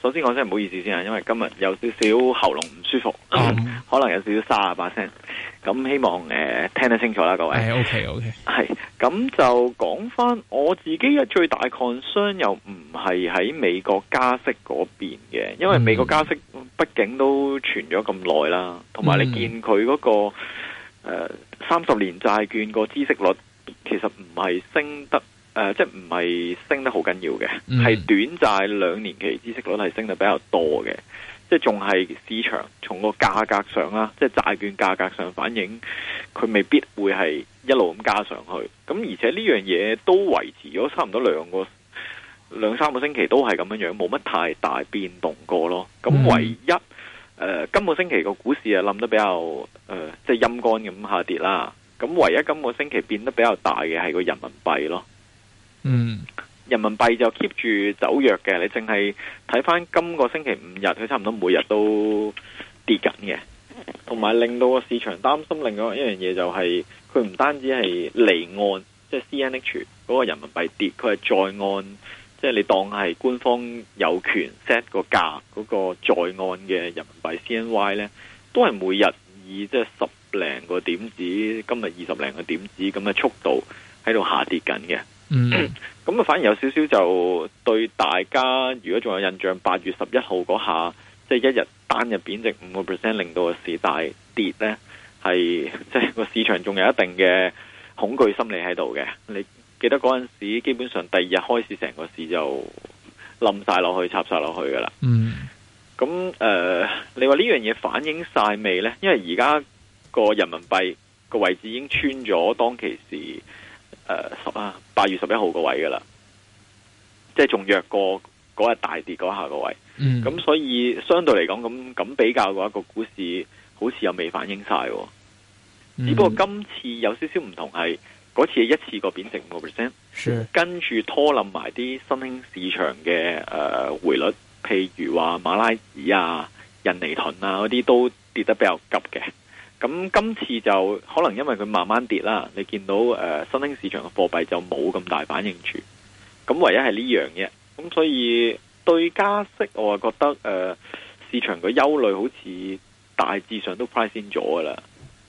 首先講聲唔好意思先啊，因為今日有少少喉嚨唔舒服，uh -huh. 可能有少少沙啊把聲。咁希望誒、呃、聽得清楚啦，各位。OK OK 係，咁就講翻我自己嘅最大 concern 又唔係喺美國加息嗰邊嘅，因為美國加息畢竟都存咗咁耐啦，同埋你見佢嗰個三十、呃、年債券個孳息率，其實唔係升得。誒、呃，即係唔係升得好緊要嘅。係、嗯、短債兩年期孳息率係升得比較多嘅，即係仲係市場從個價格上啦，即係債券價格上反映，佢未必會係一路咁加上去。咁、嗯、而且呢樣嘢都維持咗差唔多兩個兩三個星期都係咁樣樣，冇乜太大變動過咯。咁、嗯嗯、唯一誒、呃、今個星期個股市啊冧得比較誒、呃、即係陰乾咁下跌啦。咁、嗯、唯一今個星期變得比較大嘅係個人民幣咯。嗯，人民幣就 keep 住走弱嘅。你淨係睇翻，今個星期五日，佢差唔多每日都跌緊嘅。同埋令到個市場擔心另外一樣嘢，就是，就係佢唔單止係離岸，即係 CNH 嗰個人民幣跌，佢係在岸，即、就、係、是、你當係官方有權 set 個價嗰，那個在岸嘅人民幣 CNY 呢，都係每日以即係、就是、十零個點子，今日二十零個點子咁嘅速度喺度下跌緊嘅。嗯，咁啊，反而有少少就對大家，如果仲有印象，八月十一號嗰下，即、就、係、是、一日單日貶值五個 percent，令到個市大跌呢，係即係個市場仲有一定嘅恐懼心理喺度嘅。你記得嗰陣時，基本上第二日開始，成個市就冧晒落去，插晒落去噶啦。嗯，咁誒、呃，你話呢樣嘢反映晒未呢？因為而家個人民幣個位置已經穿咗當其時。誒，十啊，八月十一號個位噶啦，即係仲弱過嗰日大跌嗰下個位。咁、mm. 所以相對嚟講，咁咁比較嘅話，個股市好似又未反映晒、哦。Mm. 只不過今次有少少唔同係，嗰次一次過貶值五個 percent，跟住拖冧埋啲新興市場嘅誒匯率，譬如話馬拉子啊、印尼盾啊嗰啲都跌得比較急嘅。咁今次就可能因為佢慢慢跌啦，你見到誒、呃、新興市場嘅貨幣就冇咁大反應住。咁唯一係呢樣嘢，咁所以對加息我啊覺得誒、呃、市場嘅憂慮好似大致上都 price in 咗噶啦，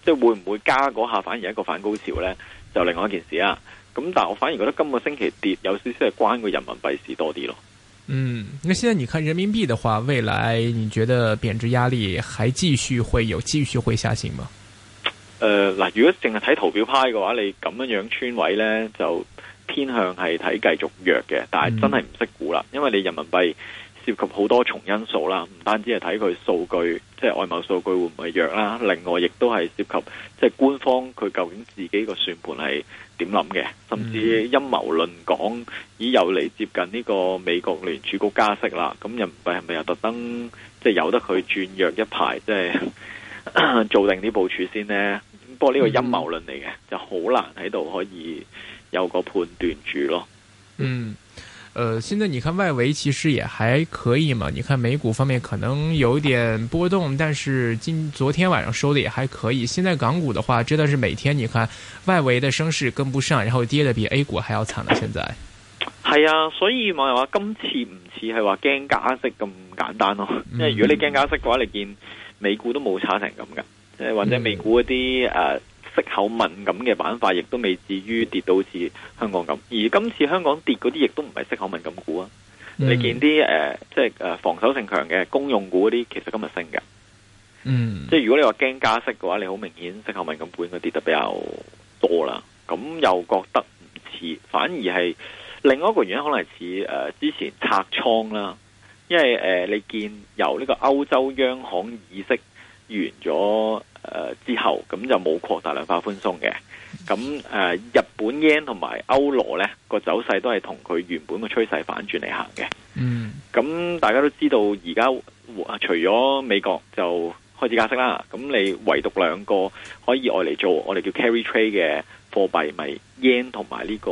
即係會唔會加嗰下反而一個反高潮咧？就另外一件事啊。咁但係我反而覺得今個星期跌有少少係關個人民幣事多啲咯。嗯，那現在你看人民幣的話，未來你覺得貶值壓力還繼續會有，繼續會下行嗎？誒、嗱，如果淨係睇圖表派嘅話，你咁樣樣穿位咧，就偏向係睇繼續弱嘅，但係真係唔識估啦，因為你人民幣。涉及好多重因素啦，唔單止係睇佢數據，即係外貿數據會唔會弱啦，另外亦都係涉及即係官方佢究竟自己個算盤係點諗嘅，甚至陰謀論講，已有嚟接近呢個美國聯儲局加息啦，咁又唔係係咪又特登即係由得佢轉弱一排，即係 做定啲部署先咧？不過呢個陰謀論嚟嘅，就好難喺度可以有個判斷住咯。嗯。呃，現在你看外圍其實也還可以嘛。你看美股方面可能有點波動，但是今昨天晚上收的也還可以。現在港股的話，真的是每天你看外圍的升勢跟不上，然後跌的比 A 股還要慘了。現在，係啊，所以網友話今次唔似係話驚加息咁簡單咯。哦。因為如果你驚加息嘅話，嗯、你見美股都冇差成咁噶，即係或者美股一啲誒。嗯呃適口敏感嘅板塊，亦都未至於跌到好似香港咁。而今次香港跌嗰啲，亦都唔係息口敏感股啊。嗯、你見啲誒、呃，即係誒防守性強嘅公用股嗰啲，其實今日升嘅。嗯，即係如果你話驚加息嘅話，你好明顯息口敏感股應該跌得比較多啦。咁又覺得唔似，反而係另外一個原因，可能係似誒之前拆倉啦。因為誒、呃，你見由呢個歐洲央行議息。完咗誒、呃、之後，咁就冇擴大量化寬鬆嘅。咁誒、呃，日本 yen 同埋歐羅咧，個走勢都係同佢原本個趨勢反轉嚟行嘅。嗯，咁大家都知道而家除咗美國就開始加息啦。咁你唯獨兩個可以外嚟做我哋叫 carry trade 嘅貨幣，咪 yen 同埋呢個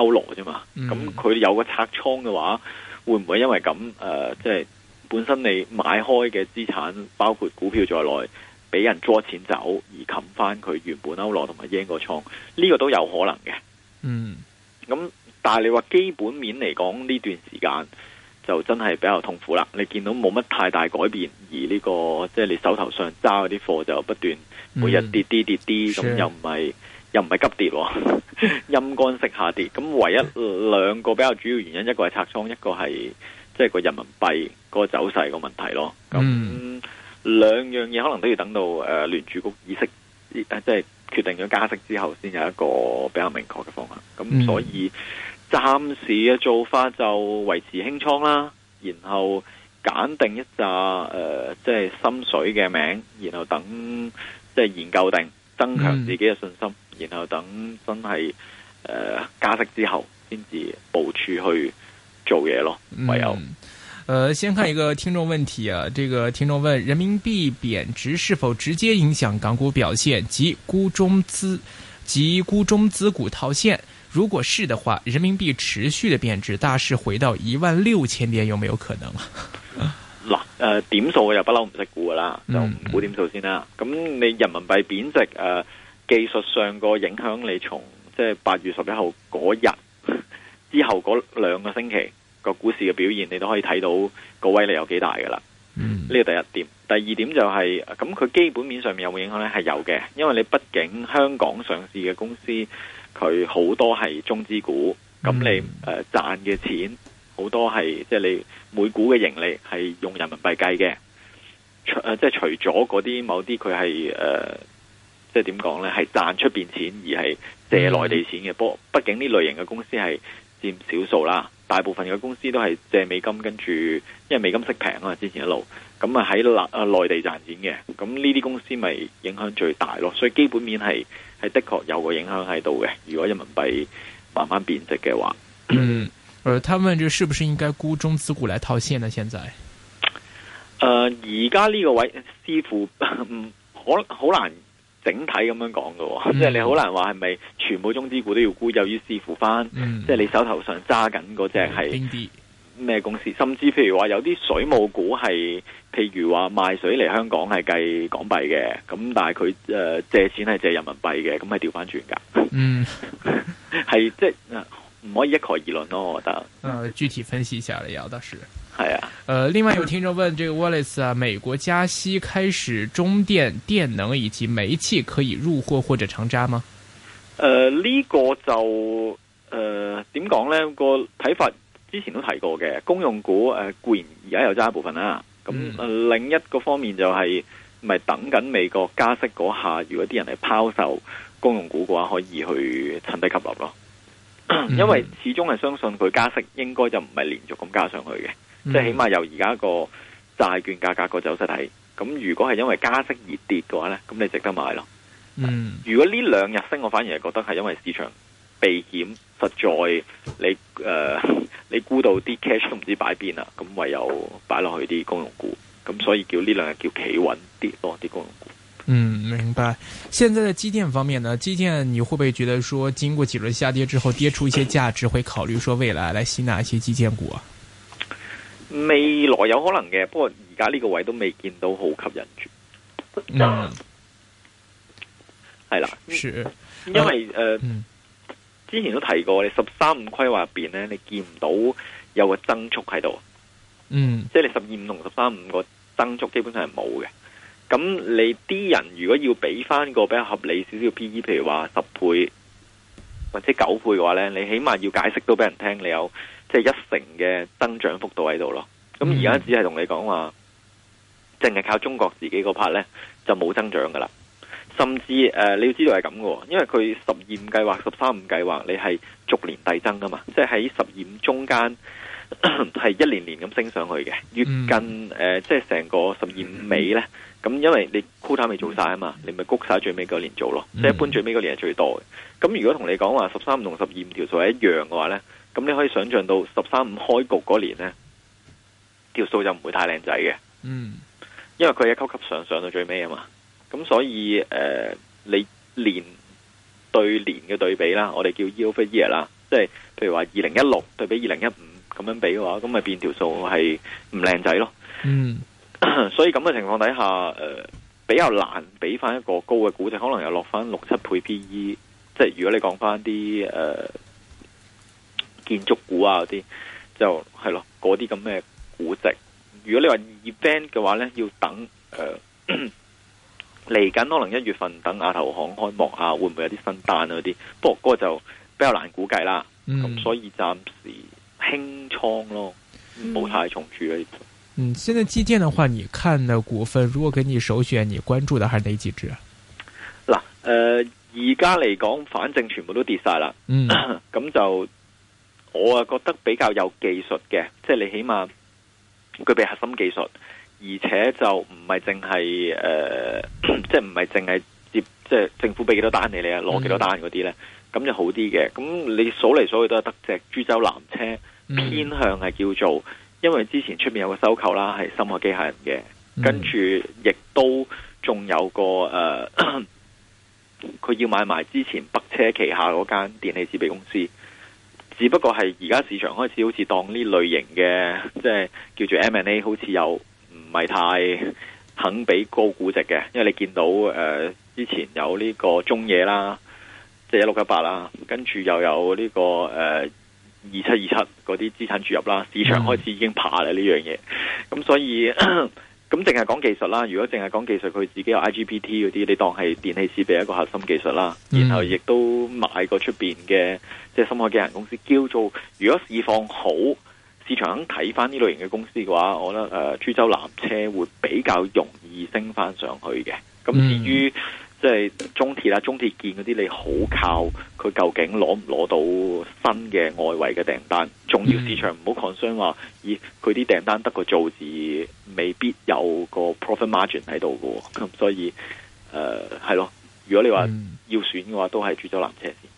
歐羅啫嘛。咁、嗯、佢有個拆倉嘅話，會唔會因為咁誒？即、呃、係？就是本身你買開嘅資產，包括股票在內，俾人捉錢走而冚翻佢原本歐羅同埋英個倉，呢、這個都有可能嘅。嗯，咁但係你話基本面嚟講呢段時間就真係比較痛苦啦。你見到冇乜太大改變，而呢、這個即係、就是、你手頭上揸嗰啲貨就不斷每日跌啲跌啲，咁、嗯、又唔係又唔係急跌、哦，陰乾式下跌。咁唯一兩個比較主要原因，嗯、一個係拆倉，一個係即係個人民幣。個走勢個問題咯，咁兩、嗯、樣嘢可能都要等到誒聯儲局議息，即係決定咗加息之後，先有一個比較明確嘅方向。咁、嗯、所以暫時嘅做法就維持輕倉啦，然後揀定一扎誒、呃、即係心水嘅名，然後等即係研究定，增強自己嘅信心、嗯，然後等真係誒、呃、加息之後，先至部署去做嘢咯，唯有。嗯呃先看一個聽眾問題啊，這個聽眾問：人民幣貶值是否直接影響港股表現及沽中資及沽中資股套現？如果是的話，人民幣持續的貶值，大市回到一萬六千點有沒有可能啊？啊、呃、嗱，誒點數我又不嬲唔識估㗎喇，就唔估點數先啦。咁你人民幣貶值誒、呃，技術上個影響你從即係八月十一號嗰日那之後嗰兩個星期。個股市嘅表現，你都可以睇到個威力有幾大㗎喇。呢、嗯、個第一點，第二點就係、是、咁，佢基本面上面有冇影響呢？係有嘅，因為你畢竟香港上市嘅公司，佢好多係中資股，咁、嗯、你誒賺嘅錢好多係即係你每股嘅盈利係用人民幣計嘅，誒、呃、即係除咗嗰啲某啲佢係誒即係點講呢？係賺出邊錢而係借內地錢嘅。不過、嗯、畢竟呢類型嘅公司係佔少數啦。大部分嘅公司都係借美金跟，跟住因為美金息平啊嘛，之前一路咁啊喺內地賺錢嘅，咁呢啲公司咪影響最大咯。所以基本面係係的確有個影響喺度嘅。如果人民幣慢慢貶值嘅話，嗯，誒，他問住是不是應該沽中資股來套現呢？現在，誒、呃，而家呢個位似乎唔可好難。整體咁樣講嘅、哦、即、嗯、係、就是，你好難話係咪全部中資股都要沽，又要視乎翻，即、嗯、係、就是，你手頭上揸緊嗰隻係咩公司，甚至譬如話有啲水務股係，譬如話賣水嚟香港係計港幣嘅，咁但係佢誒借錢係借人民幣嘅，咁係調翻轉噶。嗯，係即係唔可以一概而論咯，我覺得。啊、嗯，具體分析一下你有得說。哎呀、啊，誒、呃，另外有聽眾問，這個 Wallace 啊，美國加息開始，中電電能以及煤氣可以入貨或者長揸嗎？誒、呃，呢、這個就誒點講呢、這個睇法之前都提過嘅，公用股誒固、呃、然而家有揸一部分啦，咁、嗯嗯、另一個方面就係、是、咪等緊美國加息嗰下，如果啲人係拋售公用股嘅話，可以去趁低吸納咯。因為始終係相信佢加息應該就唔係連續咁加上去嘅。即、嗯、係起碼由而家個債券價格個走勢睇，咁如果係因為加息而跌嘅話咧，咁你值得買咯。嗯，如果呢兩日升，我反而係覺得係因為市場避險，實在你誒、呃、你估到啲 cash 都唔知擺邊啦，咁唯有擺落去啲公用股，咁所以叫呢兩日叫企穩跌多啲公用股。嗯，明白。現在嘅基建方面呢？基建你會唔會覺得說經過幾輪下跌之後，跌出一些價值，會考慮說未來來吸納一些基建股啊？未來有可能嘅，不過而家呢個位都未見到好吸引住。嗯，係啦、嗯，因為誒、呃嗯，之前都提過，你十三五規劃入邊呢，你見唔到有個增速喺度。嗯，即係你十二五同十三五個增速，基本上係冇嘅。咁你啲人如果要俾翻個比較合理少少 P E，譬如話十倍或者九倍嘅話呢，你起碼要解釋到俾人聽，你有。即、就、係、是、一成嘅增長幅度喺度咯，咁而家只係同你講話，淨係靠中國自己嗰 part 咧就冇增長噶啦，甚至誒、呃、你要知道係咁喎，因為佢十二五計劃、十三五計劃你係逐年遞增噶嘛，即係喺十二五中間係 一年年咁升上去嘅，越近誒即係成個十二五尾咧，咁、嗯、因為你 quota 未做晒啊嘛，你咪谷晒最尾嗰年做咯，即、嗯、係、就是、一般最尾嗰年係最多嘅。咁如果同你講話十三五同十二五條數係一樣嘅話咧？咁你可以想象到十三五開局嗰年呢，條數就唔會太靚仔嘅。嗯，因為佢一級級上上到最尾啊嘛。咁所以誒、呃，你年對年嘅對比啦，我哋叫 year over year 啦，即係譬如話二零一六對比二零一五咁樣比嘅話，咁咪變條數係唔靚仔咯。嗯， 所以咁嘅情況底下，誒、呃、比較難俾翻一個高嘅估值，可能又落翻六七倍 P E。即係如果你講翻啲誒。呃建築股啊嗰啲就係咯，嗰啲咁嘅估值。如果你話 event 嘅話呢，要等嚟緊、呃、可能一月份等亞投行開幕啊，會唔會有啲新單啊嗰啲？不過嗰個就比較難估計啦，咁、嗯、所以暫時輕倉咯，冇、嗯、太重注咧。嗯，現在基建嘅話，你看嘅股份，如果給你首選，你關注的係哪幾隻？嗱，誒而家嚟講，反正全部都跌晒啦，咁、嗯、就。我啊覺得比較有技術嘅，即係你起碼具備核心技術，而且就唔係淨係誒，即係唔係淨係接即係政府俾幾多單你你啊，攞幾多單嗰啲呢，咁、嗯、就好啲嘅。咁你數嚟數去都係得只株洲南車，嗯、偏向係叫做，因為之前出面有個收購啦，係深海機械人嘅，跟住亦都仲有個誒，佢、呃、要買埋之前北車旗下嗰間電器設備公司。只不過係而家市場開始好似當呢類型嘅，即、就、係、是、叫做 M&A，好似又唔係太肯俾高估值嘅，因為你見到誒、呃、之前有呢個中野啦，即係六一八啦，跟住又有呢、這個誒二七二七嗰啲資產注入啦，市場開始已經怕啦呢樣嘢。咁所以咁淨係講技術啦，如果淨係講技術，佢自己有 IGBT 嗰啲，你當係電器設備一個核心技術啦，mm. 然後亦都買過出邊嘅。即係深海幾人公司，叫做如果市況好，市場肯睇翻呢類型嘅公司嘅話，我覺得誒，株、呃、洲南車會比較容易升翻上去嘅。咁至於、mm. 即係中鐵啊、中鐵建嗰啲，你好靠佢究竟攞唔攞到新嘅外圍嘅訂單？重要市場唔好 concern 話，而佢啲訂單得個造字，未必有個 profit margin 喺度嘅。咁所以誒係咯，如果你話要選嘅話，都係株洲南車先。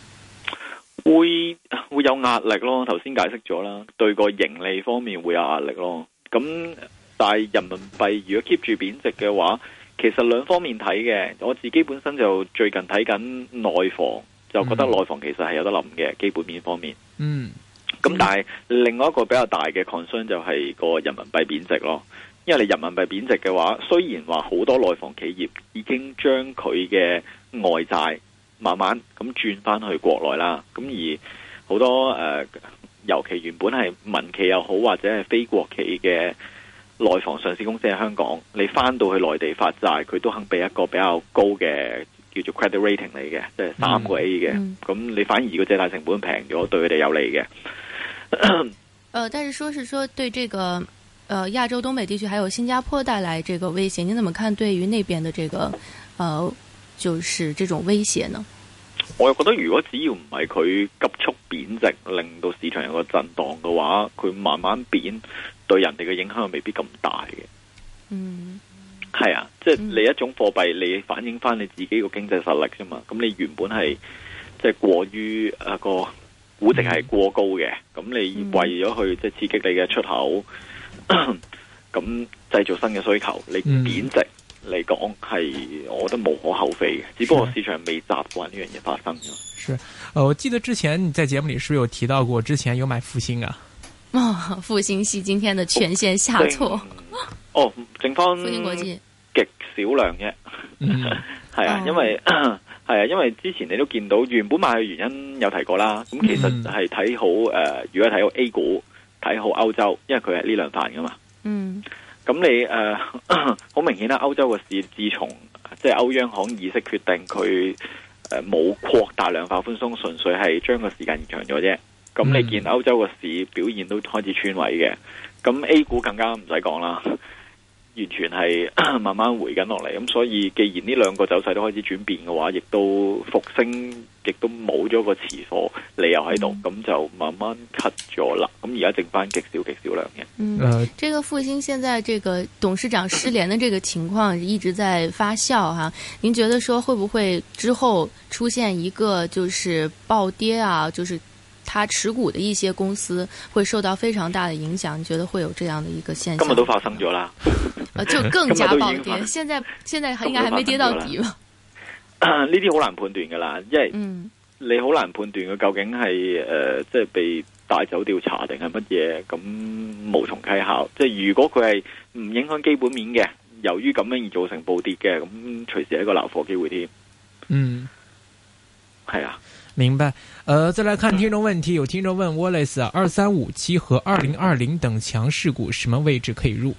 會會有壓力咯，頭先解釋咗啦，對個盈利方面會有壓力咯。咁但係人民幣如果 keep 住貶值嘅話，其實兩方面睇嘅，我自己本身就最近睇緊內房，就覺得內房其實係有得諗嘅、嗯、基本面方面。嗯，咁但係另外一個比較大嘅 concern 就係個人民幣貶值咯，因為你人民幣貶值嘅話，雖然話好多內房企業已經將佢嘅外債，慢慢咁轉翻去國內啦，咁而好多誒、呃，尤其原本係民企又好，或者係非國企嘅內房上市公司喺香港，你翻到去內地發債，佢都肯俾一個比較高嘅叫做 credit rating 你嘅，即係三個 A 嘅，咁、嗯嗯、你反而個借貸成本平咗，對佢哋有利嘅、呃。但是，說是說對這個誒亞、呃、洲東北地區，還有新加坡帶來這個威脅，您怎麼看？對於那邊的這個，呃。就是這種威脅呢？我又覺得，如果只要唔係佢急速貶值，令到市場有個震盪嘅話，佢慢慢貶，對人哋嘅影響未必咁大嘅。嗯，係啊，即係你一種貨幣，你反映翻你自己個經濟實力啫嘛。咁你原本係即係過於啊個估值係過高嘅，咁、嗯、你為咗去即係刺激你嘅出口，咁、嗯、製 造新嘅需求，你貶值。嗯嚟講係，我覺得無可厚非嘅，只不過市場未習慣呢樣嘢發生。是，我記得之前你在節目裏，是不是有提到過之前有買復星啊？哇、哦，復星係今天的全線下挫、哦。哦，正方。復星國際。極少量嘅，係啊，因為係啊，啊，因為之前你都見到，原本買嘅原因有提過啦。咁其實係睇好誒、呃，如果睇好 A 股，睇好歐洲，因為佢係呢兩塊噶嘛。嗯。咁你誒，好、呃、明顯啦。歐洲嘅市自從即係歐央行議息決定佢冇擴大量化寬鬆，純粹係將個時間延長咗啫。咁你見歐洲嘅市表現都開始穿位嘅，咁 A 股更加唔使講啦。完全係慢慢回緊落嚟。咁所以既然呢兩個走勢都開始轉變嘅話，亦都復星亦都冇咗個持貨理由喺度，咁、嗯、就慢慢 cut 咗啦。咁而家剩翻極少極少量嘅。嗯、呢、這個復星現在這個董事長失聯的這個情況一直在發酵哈、啊，您覺得說會不會之後出現一個就是暴跌啊？就是。他持股的一些公司會受到非常大的影響，你覺得會有這樣的一個現象？今日都發生咗啦， 呃，就更加暴跌。 現在現在係咪未跌到底啊？呢啲好難判斷噶啦，因為、嗯、你好難判斷佢究竟係誒、呃，即係被帶走調查定係乜嘢，咁無從稽考。即係如果佢係唔影響基本面嘅，由於咁樣而造成暴跌嘅，咁隨時係一個留貨機會添。嗯，係、嗯、啊。明白，呃再來看聽眾問題，有聽眾問 Wallace 啊二三五七和二零二零等強勢股，什麼位置可以入？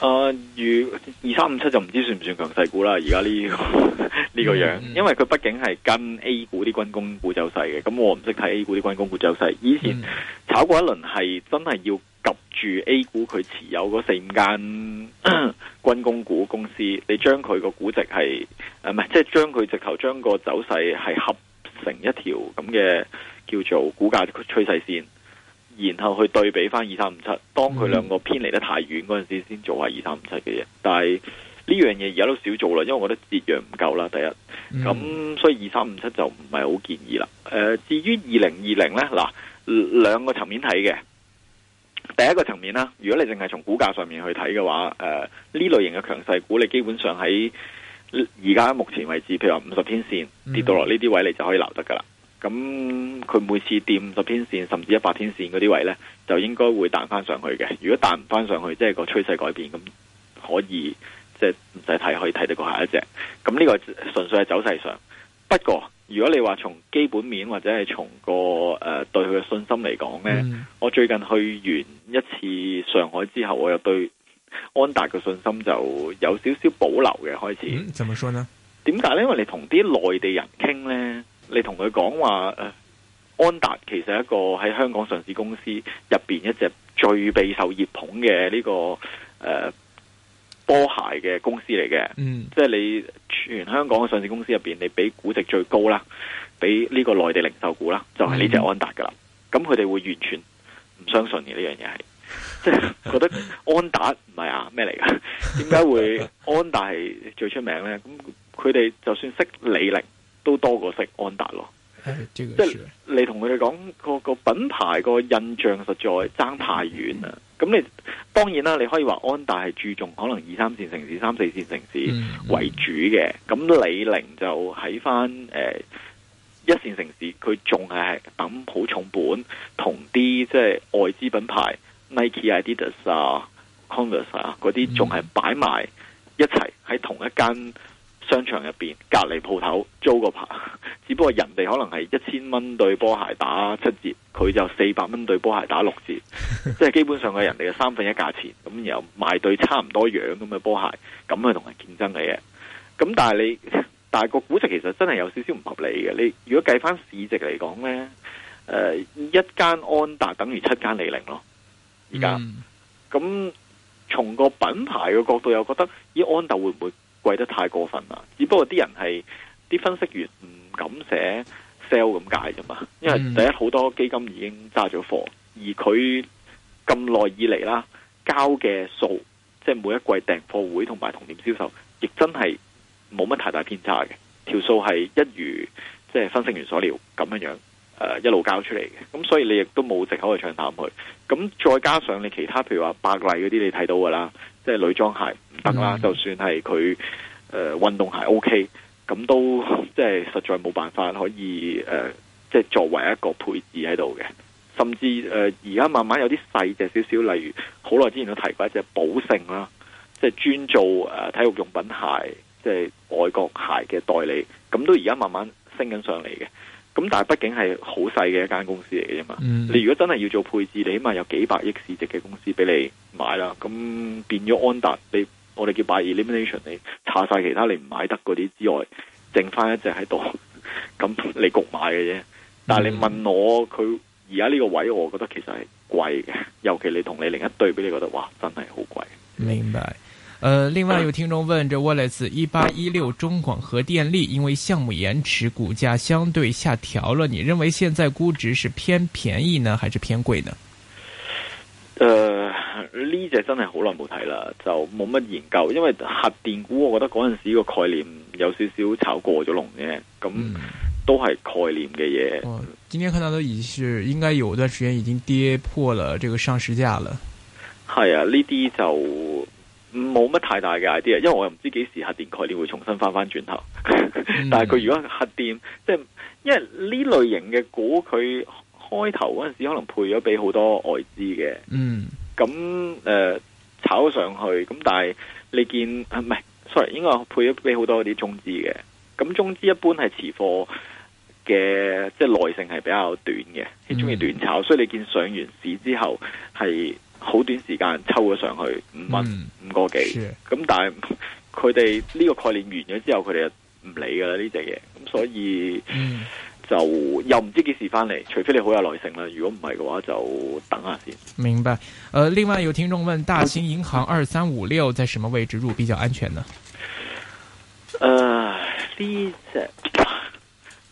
呃如二二三五七就唔知算唔算強勢股啦，而家呢個呢個樣、嗯，因為佢畢竟係跟 A 股啲軍工股走勢嘅，咁我唔識睇 A 股啲軍工股走勢，以前炒過一輪係真係要。住 A 股佢持有嗰四五間軍工股公司，你將佢個估值係，唔係即係將佢直頭將個走勢係合成一條咁嘅叫做股價趨勢線，然後去對比翻，二三五七，當佢兩個偏離得太遠嗰陣時，先做下二三五七嘅嘢。但係呢樣嘢而家都少做啦，因為我覺得節約唔夠啦。第一，咁所以二三五七就唔係好建議啦。誒、呃，至於二零二零呢，嗱，兩個層面睇嘅。第一個層面啦，如果你淨係從股價上面去睇嘅話，誒、呃，呢類型嘅強勢股，你基本上喺而家目前為止，譬如話五十天線跌到落呢啲位置，你就可以留得噶啦。咁佢每次跌五十天線，甚至一百天線嗰啲位呢，就應該會彈翻上去嘅。如果彈唔翻上去，即係個趨勢改變，咁可以即係唔使睇可以睇得過下一隻。咁呢個純粹係走勢上，不過。如果你話從基本面或者係從個誒、呃、對佢嘅信心嚟講呢，嗯、我最近去完一次上海之後，我又對安達嘅信心就有少少保留嘅開始，嗯。怎麼說呢？點解呢？因為你同啲內地人傾呢，你同佢講話安達其實係一個喺香港上市公司入邊一隻最備受熱捧嘅呢個、呃波鞋嘅公司嚟嘅，嗯，即係你全香港嘅上市公司入邊，你比估值最高啦，比呢個內地零售股啦，就係呢隻安達噶啦。咁佢哋會完全唔相信嘅呢樣嘢係，即係覺得安達唔係啊咩嚟噶？點解會安達係最出名咧？咁佢哋就算識李寧，都多過識安達咯。 即係你同佢哋講個品牌個印象實在差太遠啦。咁你當然啦，你可以話安踏係注重可能二三線城市，三四線城市為主嘅。咁、嗯嗯、李寧就喺翻誒一線城市，佢仲係等好重本同啲即係外資品牌 Nike、Adidas 啊、Converse 啊嗰啲，仲係擺埋一齊喺同一間。嗯嗯商場入邊隔籬鋪頭租個牌，只不過人哋可能係一千蚊對波鞋打七折，佢就四百蚊對波鞋打六折，即係基本上係人哋嘅三分一價錢。咁然後賣對差唔多樣咁嘅波鞋，咁去同人競爭嘅嘢。咁但係你，但係個估值，其實真係有少少唔合理嘅。你如果計翻市值嚟講呢，誒、呃，一間安踏等於七間李寧咯。而家咁從個品牌嘅角度又覺得，依安踏會唔會？貴得太過分啦！只不過啲人係啲分析員唔敢寫 sell 咁解啫嘛，因為第一好多基金已經揸咗貨，而佢咁耐以嚟啦交嘅數，即係每一季訂貨會同埋同店銷售，亦真係冇乜太大偏差嘅，條數係一如即係分析員所料咁樣樣。誒、呃，一路交出嚟嘅，咁所以你亦都冇借口去唱淡佢。咁再加上你其他譬如話百麗嗰啲，你睇到噶啦，即係女裝鞋唔得啦。Mm -hmm. 就算係佢誒運動鞋 OK，咁都即係實在冇辦法可以誒、呃，即係作為一個配置喺度嘅。甚至誒，而、呃、家慢慢有啲細隻少少，例如好耐之前都提過一隻寶勝啦，即係專做誒、呃、體育用品鞋，即係外國鞋嘅代理，咁都而家慢慢升緊上嚟嘅。咁但係畢竟係好細嘅一間公司嚟嘅啫嘛，你如果真係要做配置，你起碼有幾百億市值嘅公司俾你買啦。咁變咗安達，你我哋叫 by elimination，你查晒其他你唔買得嗰啲之外，剩翻一隻喺度，咁你焗買嘅啫。但係你問我佢而家呢個位，我覺得其實係貴嘅，尤其你同你另一對比，你覺得哇，真係好貴。明白。呃另外，有聽眾問：這 Wallace 一八一六中廣核電力，因為項目延遲，股價相對下調了。你認為現在估值是偏便宜呢，還是偏貴呢？呃，呢隻、這個、真係好耐冇睇啦，就冇乜研究，因為核電股，我覺得嗰陣時個概念有少少炒過咗龍嘅，咁都係概念嘅嘢、嗯哦。今天看到都已經是應該有段時間已經跌破了這個上市價了。係啊，呢啲就。冇乜太大嘅 idea，因為我又唔知幾時核電概念會重新翻翻轉頭。 但係佢如果核電，即係因為呢類型嘅股，佢開頭嗰陣時可能配咗俾好多外資嘅，嗯，咁誒炒上去，咁但係你見唔係，sorry，應該配咗俾好多啲中資嘅，咁中資一般係持貨嘅，即係耐性係比較短嘅，中意短炒，所以你見上完市之後係。好短時間抽咗上去五蚊，嗯，五個幾，咁，嗯，但係佢哋呢個概念完咗之後，佢哋就唔理噶啦呢隻嘢，咁所以，嗯，就又唔知幾時翻嚟，除非你好有耐性啦。如果唔係嘅話，就等一下先。明白。誒，呃，另外有聽眾問：大新銀行二三五六在什麼位置入比較安全呢？誒，呃，呢隻。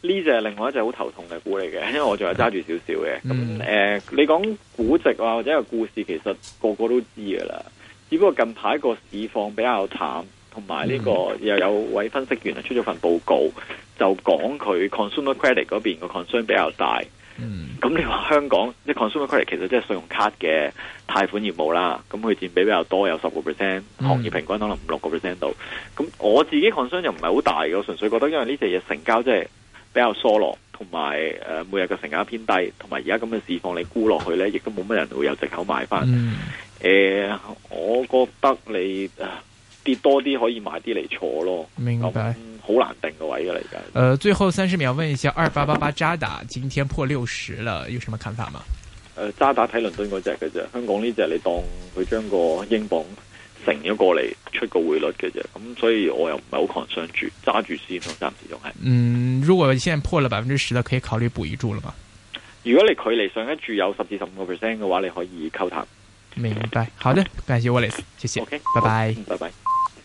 呢隻係另外一隻好頭痛嘅股嚟嘅，因為我仲係揸住少少嘅。咁、嗯、誒、呃，你講估值啊或者個故事，其實個個都知㗎啦。只不過近排個市況比較慘，同埋呢個又、嗯、有位分析員啊出咗份報告，就講佢 consumer credit 嗰邊個 concern 比較大。嗯，咁你話香港即係 consumer credit 其實即係信用卡嘅貸款業務啦。咁佢佔比比較多，有十個 percent，行業平均可能五六個 percent 度。咁我自己 concern 又唔係好大嘅，我純粹覺得因為呢隻嘢成交即係，比較疏落，同埋誒每日嘅成交偏低，同埋而家咁嘅市況你沽落去咧，亦都冇乜人會有借口買翻。誒、嗯呃，我覺得你跌多啲可以買啲嚟坐咯。明白，好難定個位嘅啦而家。誒、呃，最後三十秒，問一下二八八八渣打，今天破六十喇，有什麼看法嗎？誒、呃，渣打睇倫敦嗰隻嘅啫，香港呢隻你當佢將個英鎊定咗過嚟出個匯率嘅啫，咁、嗯、所以我又唔係好狂想住揸住先，暫時仲係。嗯，如果現在破了百分之十的，可以考慮補一注嗎。如果你距離上一注有十至十五個 percent 嘅話，你可以溝淡。明白，好的，感謝 Wallace，謝謝。OK，拜拜，拜拜。